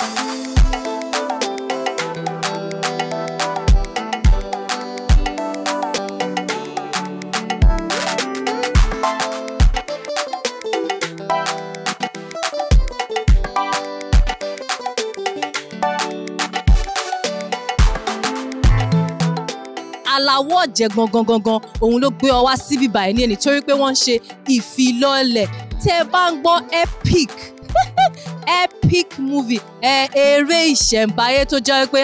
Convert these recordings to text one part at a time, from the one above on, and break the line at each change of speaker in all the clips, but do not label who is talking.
aláwọ̀ ọ̀jẹ̀ gangan gangan òun ló gbé ọ wá síbí báyìí ní ẹni torí pé wọ́n ń ṣe ìfilọ́lẹ̀ tẹ́ bá ń gbọ́ epic epic movie eré ìṣẹ̀ǹbáyé tó jẹ́ pé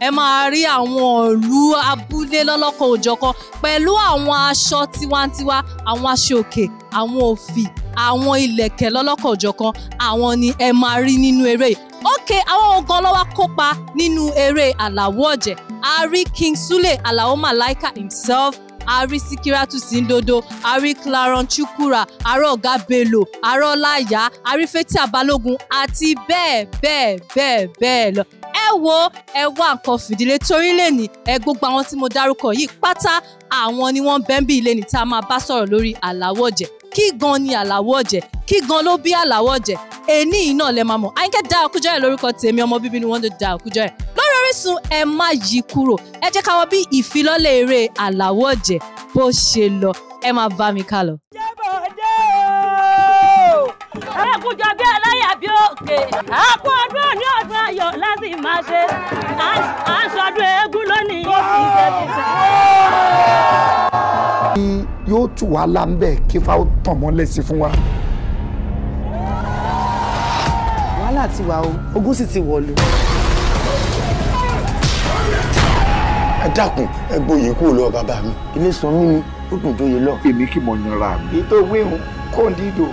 ẹ máa rí àwọn ọ̀lú abúlé lọ́lọ́kan òjọ̀kan pẹ̀lú àwọn aṣọ tiwantiwa àwọn aṣọ òkè àwọn òfì àwọn ìlẹ̀kẹ̀ lọ́lọ́kan òjọ̀kan àwọn ni ẹ máa rí nínú eré yìí ok àwọn ogan ló wá kópa nínú eré àlàwọ̀ ọ̀jẹ̀ a rí King Sule Alao Malaika himself a rí Síkírátù Síndodo a rí Claron Chukwura a rí Ọ̀gá Bello a rí Ọláìyá a rí Fatia Balógun àti bẹ́ẹ̀ bẹ́ẹ̀ bẹ́ẹ̀ bẹ́ẹ̀ lọ ẹ wo ẹ wá nǹkan fìdílé torí lè ní ẹ gbogbo àwọn tí mo dárúkọ yìí pátá àwọn ni wọ́n bẹ́ẹ̀ bí ilé ní tá a máa bá sọ̀rọ̀ lórí Àláwọ̀ Ọ̀jẹ̀ kí gan ni Àlàó Ọ̀jẹ̀ kí gan ló bí Àlàó Ọ̀jẹ̀ èní yìí náà lẹ máa mọ̀ Àyìnkẹ́ Dáa Kújọ́rẹ̀ lórúkọ tèmi ọmọ bíbí ni wọ́n ń Dáa Kújọ́rẹ̀ lórí Orísun ẹ má yí kúrò ẹ jẹ́ káwọn bí ìfilọ́lẹ̀ eré Àlàó Ọ̀jẹ̀ bó ṣe lọ ẹ máa bá mi ká lọ. ẹ̀kújọ bí aláyà bí òkè àpò ọdún ní ọdún ayọ̀ láti máa ṣe à ń ṣọdún lónìí yìí kì ṣe
yóò tù wá láńbẹ̀ kí fa ó tàn mọ́lẹ̀ sí fún wa.
wàhálà ti wà o
ogun sì ti wọ̀lú. ẹ dákun ẹ gbóyè kúrò lọ bàbá mi ilé sọ mí ni ó dùn jóye lọ. èmi kì í mọ yanra mi. ètò wéhùn kò ń dídò.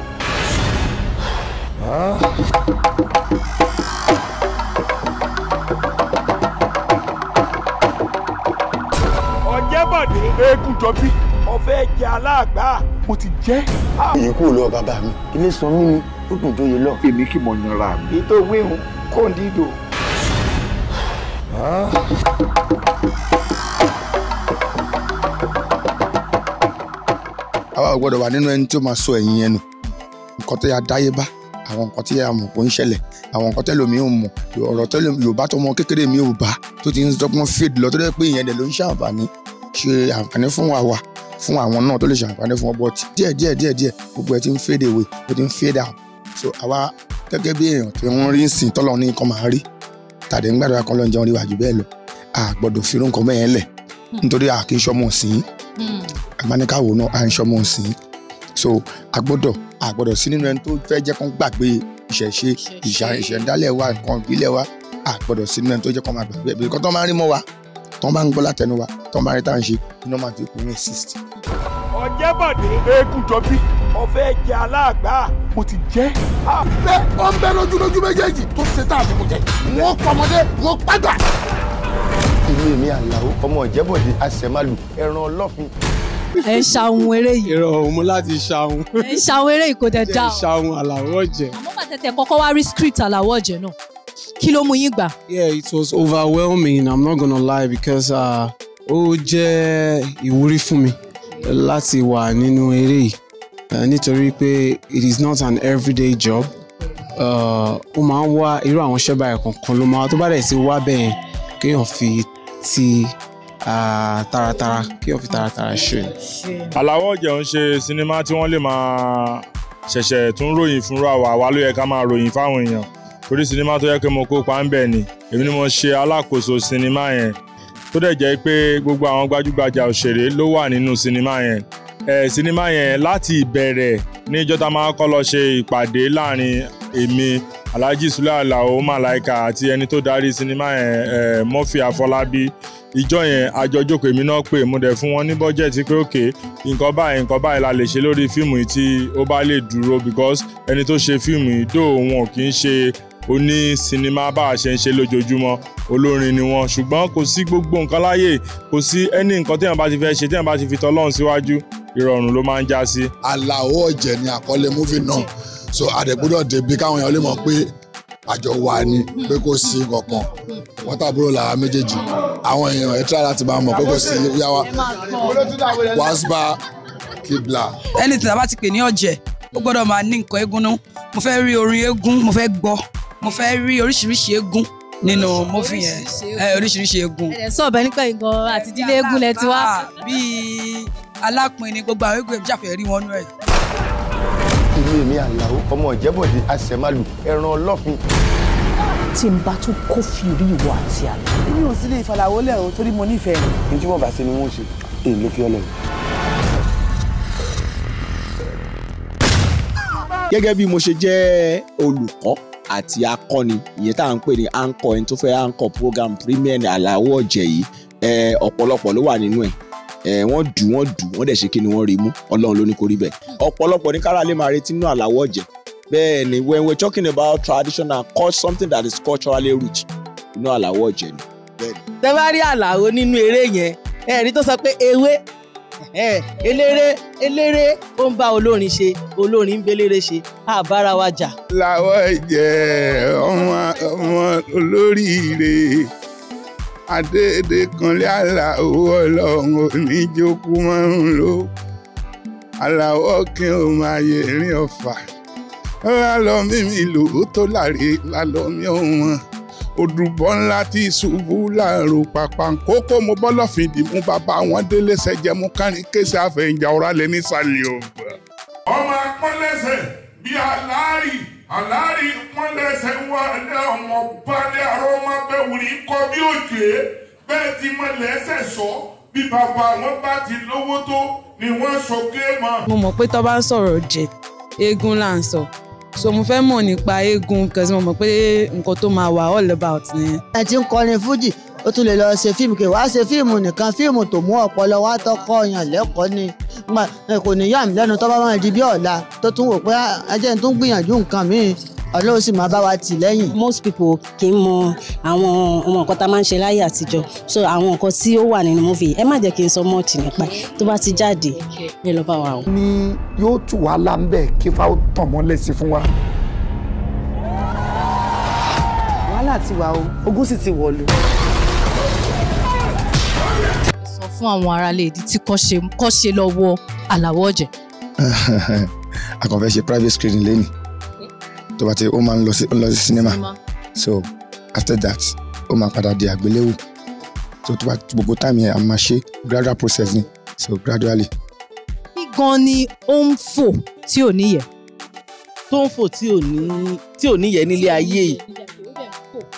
ọ̀jẹ̀bọ̀dé eégún jọ bí fẹ́ jẹ aláàgbá. mo ti jẹ́. èyí kúrò lọ bàbá mi ilé sọ mí ni ó dùn jóye lọ. èmi kì mọ̀ yanra mi. ètò wíhun kò ní ìdò. àwa ò gbọ́dọ̀ wà nínú ẹni tí ó máa sọ ẹ̀yìn ẹnu nǹkan tó yà dáyébá àwọn nǹkan tí a mọ̀ kò ń ṣẹlẹ̀ àwọn nǹkan tẹ́lẹ̀ mi ò mọ̀ ọ̀rọ̀ tẹ́lẹ̀ Yorùbá tọmọ kékeré mi ò bá tó ti ń dọ́gbọ́n fèdè lọ tó dẹ́ pé ìyẹn dẹ̀ ló ń ṣàǹfààní ṣe àǹfààní fún wa wa fún àwọn náà tó lè ṣàǹfààní fún wọn but díẹ̀ díẹ̀ díẹ̀ díẹ̀ gbogbo ẹ ti ń fade away ó ti ń fade out so àwa gẹ́gẹ́ bí èèyàn tí wọ́n rí sìn tọ́lọ́ ní nǹkan máa rí tàbí ń gbàdúrà kan lọ́njẹ́ wọn rí wájú bẹ́ẹ̀ lọ a gbọ́dọ̀ fi irú nǹkan bẹ́ẹ̀ lẹ̀ hmm. nítorí a kì í ṣọmọ sìn àgbáníkàwò hmm. náà à ń ṣọmọ sìn so a gbọ́dọ̀ a gbọ́dọ̀ sí nínú ẹni tó fẹ́ jẹ́ kó gbàgbé ìṣẹ̀ṣe ìṣẹ̀ǹdálẹ̀ wa nǹkan ìbílẹ̀ wa a gbọ́dọ̀ sí nínú ẹni tó jẹ́ kó máa gbàgbé ẹ̀ bí kò tó máa rí mọ́ wa tó máa ń gbọ́ látẹnu wa tó máa rí tá à ń ṣe iná máa fi kún ní sixty
bàdé. eégún jọ bí.
ọfẹ jẹ aláàgbá. mo ti jẹ. bẹ́ẹ̀ ó ń bẹ lójúlójú méjèèjì tó ṣe tá a fi mú jẹ. wọ́n pọmọdé wọ́n pàgbà. ilé mi àlàó ọmọ ìjẹ́bọ̀dé àṣẹmálù ẹran ọlọ́fin. ẹ ń ṣàwọn eré yìí. èrò ọ̀hún mo láti ṣàwọn. ẹ ń ṣàwọn eré yìí kò tẹ̀ dá ẹ ń ṣàwọn àlàwọ̀ jẹ. àmọ́
bàtẹ̀tẹ̀ kọ́kọ́ wá rí script àlàwọ̀ jẹ náà kí ló mú yín gbà.
yeah it was overwhelming i'm not gonna lie because uh, ó jẹ́ ìwúrí fún mi láti wà nínú eré yìí eh, nítorí pé it is not an everyday job eh, ó máa ń wá irú àwọn iṣẹ́ báyìí kankan ló máa tó bá dẹ̀ ti wá bẹ́ẹ̀ kéèyàn fi ti taratara kéèyàn fi taratara ṣe.
Àlàó Ọ̀jẹ̀ ń ṣe sinimá tí wọ́n lè máa ṣẹ̀ṣẹ̀ tún ròyìn fúnra wa wa ló yẹ ká máa ròyìn fáwọn èèyàn torí sinimá tó yẹ kí mo kópa ń bẹ̀ ni èmi ni mo ṣe alákòóso sinimá yẹn tó dẹ̀ jẹ́ pé gbogbo àwọn gbajúgbajà òṣèré ló wà nínú sinimá yẹn ẹ sinimá yẹn láti ìbẹ̀rẹ̀ níjọ́ tá máa kọ́ lọ ṣe ìpàdé láàrin èmi Alhaji Sule Alao Malaika àti ẹni tó darí sinimá yẹn ẹ Murphy Afọlábí ìjọ yẹn àjọjókòó èmi náà pè mú dẹ̀ fún wọn ní bọ́jẹ̀tì pé òkè nǹkan báyìí nǹkan báyìí la lè ṣe lórí fíìmù yìí tí ó bá lè dúró because ẹni tó ṣe fíìmù yìí dò wọn kì í ṣe ó ní sinimá bá a ṣe ń ṣe lójoojúmọ́ olórin ni wọn ṣùgbọ́n kò sí gbogbo nǹkan láyè kò sí ẹni nǹkan téèyàn bá ti fẹ́ ṣe téèyàn bá ti fi tọ́lọ́run síwájú ìrọ̀rùn ló máa ń já sí. Àlàó Ọ̀jẹ̀ ni àkọlé múfì náà so àdẹ̀gbọ́dọ̀ débi káwọn èèyàn lè mọ̀ pé àjọ wa
ni pé kò sí kankan wọ́n tàbúrò làwa méjèèjì àwọn èèyàn ẹ̀ tíra láti máa mọ̀ pé kò sí yáwa wasba
kibla. ẹni tí a bá ti pè ní ọ̀jẹ̀ ó gbọ́dọ̀ máa ní nǹkan eégún náà mo fẹ́ rí orin eégún mo fẹ́ gbọ́ mo fẹ́ rí oríṣiríṣi eégún nínú mọ́fì yẹn oríṣiríṣi eégún. ẹ̀rẹ̀ ọ̀bẹ nípa ìgbọ̀n àti ìdílé eégún lẹ ti wá. bíi alápin ni gbogbo àwọn eégún ẹ̀bí rí wọn nú ẹ̀.
ilé mi àlàó ọmọ ìjẹ́bọ̀dé àṣẹmálù ẹran ọlọ́fin.
tí n bá tún kófìrí ìwọ àti àná. èmi ò sí lè ìfàlàwọ́ lẹ́rùn torí mo nífẹ̀ẹ́ rẹ̀. tí
wọ́n bá ṣe ni wọ́n ṣe èyí ló fi ọlọ́run. gẹ́gẹ́ bí mo ṣe jẹ́ olùkọ́ àti akọni ìyẹn tá à ń pè ní anchor ẹni tó fẹ́ anchor program premier aláwọ̀ ọ̀jẹ̀ yìí ọ̀pọ̀lọpọ̀ ló wà nínú ẹ̀ wọ́n dù wọ́n dù wọ́n dẹ̀ ṣe kí ni wọ́n rí mú ọlọ́run ló ní kó rí bẹ́ẹ̀ ọ̀pọ̀lọpọ̀ ní kára máa retí nínú aláwọ̀ ọ̀jẹ̀ bẹ́ẹ̀ ni when we're talking about traditional cause something that is culturally rich inú aláwọ̀ ọ̀jẹ̀ ni. tẹ́ bá rí àlàó nínú eré yẹn ẹ̀rí tó sọ pé ewé eléré eléré ó ń bá olórin ṣe olórin ń belére ṣe àbára wa jà.
làwọ̀ ẹ̀jẹ̀ ọmọ ọmọ olóríire adédèkànlé aláwọ̀ ọlọ́run oníjókòó márùn-ún ló aláwọ̀ kí n ò máa yẹ rìn ọ̀fà lálọ́ mímí lòó tó láre lálọ́ mi ò wọ́n òdùbọ̀ ńlá tí ṣubú láàrò pàpà kókó mo bọ́lọ́fin dìmú bàbá wọn délé ṣẹjẹmú kárin kése àfẹ̀yìnjà ọ̀rá lẹ nísàlẹ̀ ògbà. ọmọ akọ́lẹ́sẹ̀ bíi aláàrí aláàrí kọ́lẹ́sẹ̀ wà ní ọmọ balẹ̀ àrọ́ máa bẹ̀ wùrí kọ́ bí òjò bẹ́ẹ̀ ti mọ lẹ́sẹ̀ sọ bí bàbá wọn bá ti lówó tó ni wọ́n sọ kéèmọ̀.
mo mọ̀ pé tó bá ń sọ̀rọ̀ jẹ eégún là ń sọ so mo fẹ́ mọ̀ nípa eégún because mo mọ̀ pé nǹkan tó máa wà all about nìyẹn. ẹ ti ń kọrin fújì ó tún lè lọ ṣe fíìmù kí wàá ṣe fíìmù nìkan fíìmù tó mú ọpọlọ wá tọkọ yàn lẹ́kọ̀ọ́ ni kò ní yà mí lẹ́nu tó bá máa di bí ọ̀la tó tún wò pé ajẹ́ ah, ń tún gbìyànjú nǹkan míì ọlọ́run sì máa bá wa tì lẹ́yìn. most people kì í mọ àwọn ọmọ nǹkan tá a máa ń ṣe láyé àtijọ́ so àwọn nǹkan tí ó wà nínú movie ẹ má jẹ́ kí n sọ mọ́ọ̀tì nípa ẹ̀ tó bá ti jáde ẹ lọ bá wa o. ni yóò tù wá láńbẹ̀ kí fáwọn tàn mọ́lẹ̀ sí fún wa.
wàhálà ti wà o ogun sì ti wọ̀lú
fún àwọn aráalé ìdí tí kò ṣe lọ́wọ́ àlàwọ̀ ọ̀jẹ̀.
a kàn fẹ́ ṣe private screening lẹ́nìí tó bá ti ó lọ sí ó ń so after that ó máa padà di àgbéléwò so tó bá gbogbo táìmù yẹn a máa ṣe gradual process ni so gradually.
kí gan ni ó ń fò tí ò níyẹ̀. tó ń fò tí ò ní tí ò níyẹ̀ nílé ayé yìí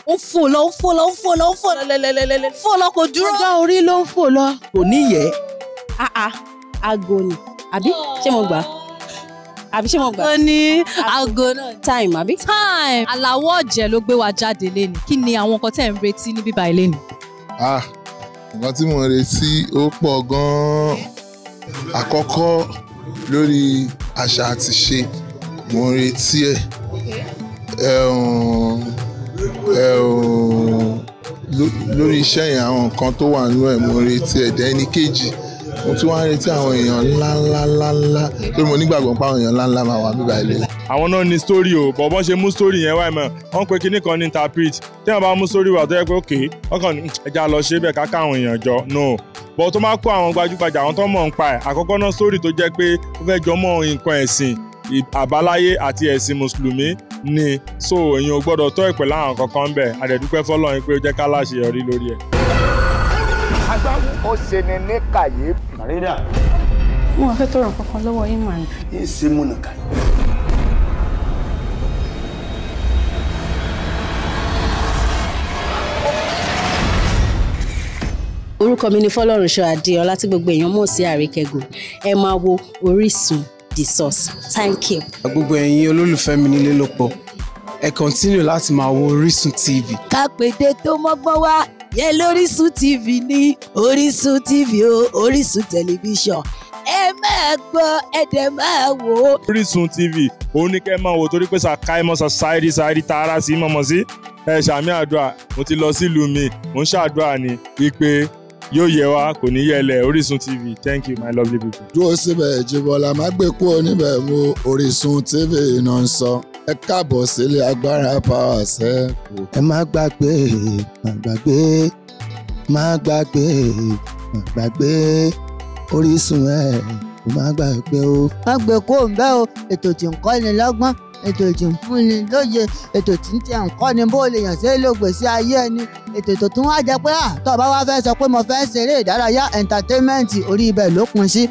ó fò lọ ó fò lọ ó fò lọ ó fò lọ lẹlẹlẹlẹ fò lọ kò dúró. ọjọ́ orí ló ń fò lọ. kò níyẹ̀. Ah, ah. àgò ni àbí ṣé mo gbà á àbí ṣé mo gbà. ó ní aago náà. time àbí. time àlàwọ̀ ọ̀jẹ̀ ló gbé wa jáde léni kí ni àwọn nǹkan tẹ̀ ń retí ní bíbá ilé ni.
ah nǹkan tí mo ń retí ó pọ̀ gan-an àkọ́kọ́ lórí àṣà àti mo ń retí ẹ̀ lórí iṣẹ́ yẹn àwọn nǹkan tó wà nínú ẹ̀ mo ń retí ẹ̀ dẹ́ni kejì. Okay. Um, um, mo tún wá ń retí àwọn èèyàn ńláńláńláńlá lórí mo nígbàgbọ́ pé àwọn èèyàn ńláńlá máa wà bíbá ilé. àwọn náà ní sítórì o bọ̀ bọ́n ṣe mú sítórì yẹn wáyé mọ́ wọ́n pe kinní kan ní interpret tí wọ́n bá mú sítórì wà tó yẹ pé òkè ọkàn ẹja lọ ṣe bẹ́ẹ̀ káká àwọn èèyàn jọ no bọ̀ tó máa kó àwọn gbajúgbajà àwọn tó mọ̀ ń pa ẹ̀ àkọ́kọ́ náà sítórì tó jẹ́ pé ó fẹ́ jọmọ́ nǹkan ẹ̀sìn àbáláyé àti ẹ̀sìn mùsùlùmí ni so èyàn ò gbọ́dọ̀ tọ́ ìpè láwọn kankan bẹ̀ àdẹ̀dúpẹ́ fọlọ́run pé ó jẹ́ ká láṣeyọrí lórí ẹ̀. agbáwo ó ṣe ni ní kàyéfì Farida.
Mo wá fẹ́ tọrọ kankan lọ́wọ́ yín màá. Yín
ṣe múnà
kàyí.
orúkọ mi ni fọlọ́runṣọ́ adéọlá tí gbogbo èèyàn mọ̀ sí àríkẹ́gùn ẹ máa wo orísun the source thank you.
gbogbo ẹ̀yin olólùfẹ́ mi nílé ló pọ̀ ẹ kọ́ntínú láti máa wo orísun tv.
ká pèdè tó mọ́gbọ́n wá yẹ lóríṣun tv ní oríṣun tv o oríṣun tẹlifíṣàn ẹ máa gbọ́ ẹ dẹ̀ máa wò ó.
oríṣun tv òun ni kẹ́ ẹ máa wò torí pé sàkáìmọ́ sàṣáìrì sàárì tààrà sí mọ̀mọ́ sí ẹ ṣàmì àdúrà mo ti lọ sílùú mi mo ń ṣàdúrà ní wípé yóò yẹ wá kò ní yẹlẹ̀ Orísun TV thank you my lovely people.
dúró síbẹ̀ Jíbọ́lá má gbé kú oníbẹ̀ mú Orísun TV iná ń sọ ẹ káàbọ̀ sílé agbára power ṣẹ́. ẹ má gbàgbé má gbàgbé má gbàgbé má
gbàgbé Orísun ẹ má gbàgbé o. má gbé kó ń bẹ́ o ètò tí ń kọ́ni lọ́gbọ́n ètò ìjìnfúnni lóye ètò tí ń tẹ ǹkọ́ ni bó lè yàn sí lògbèsí ayé ẹni ètò tó wá jẹ pé àtọ̀ bá wá fẹ́ sọ pé mo fẹ́ ṣeré ìdárayá entertainment orí ibẹ̀ ló pin sí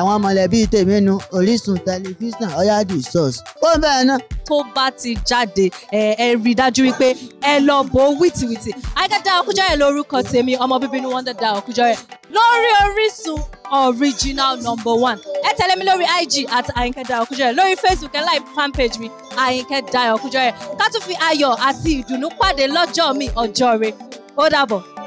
àwọn mọ̀lẹ́bí tèmi nu Orísun tẹlifíṣàn ọ̀yádì source ó bẹ́ẹ̀ náà. tó bá ti jáde ẹ rí i dájú wípé ẹ lọ bò ó wìtìwìtì Àyìnkẹ́ Dára Kújọrẹ̀ lórúkọ tèmi ọmọ bíbí inú Wonder Dara Kújọrẹ̀ lórí Orísun original number one ẹ tẹ̀lé mi lórí ig at Àyìnkẹ́ Dayọ̀ Kújẹ́rẹ́ lórí facebook ẹ like fan page mi Àyìnkẹ́ Dayọ̀ Kújẹ́rẹ́ ká tún fi ayọ̀ àti ìdùnnú pàdé lọ́jọ́ mi ọjọ́ rẹ ó dàbọ̀.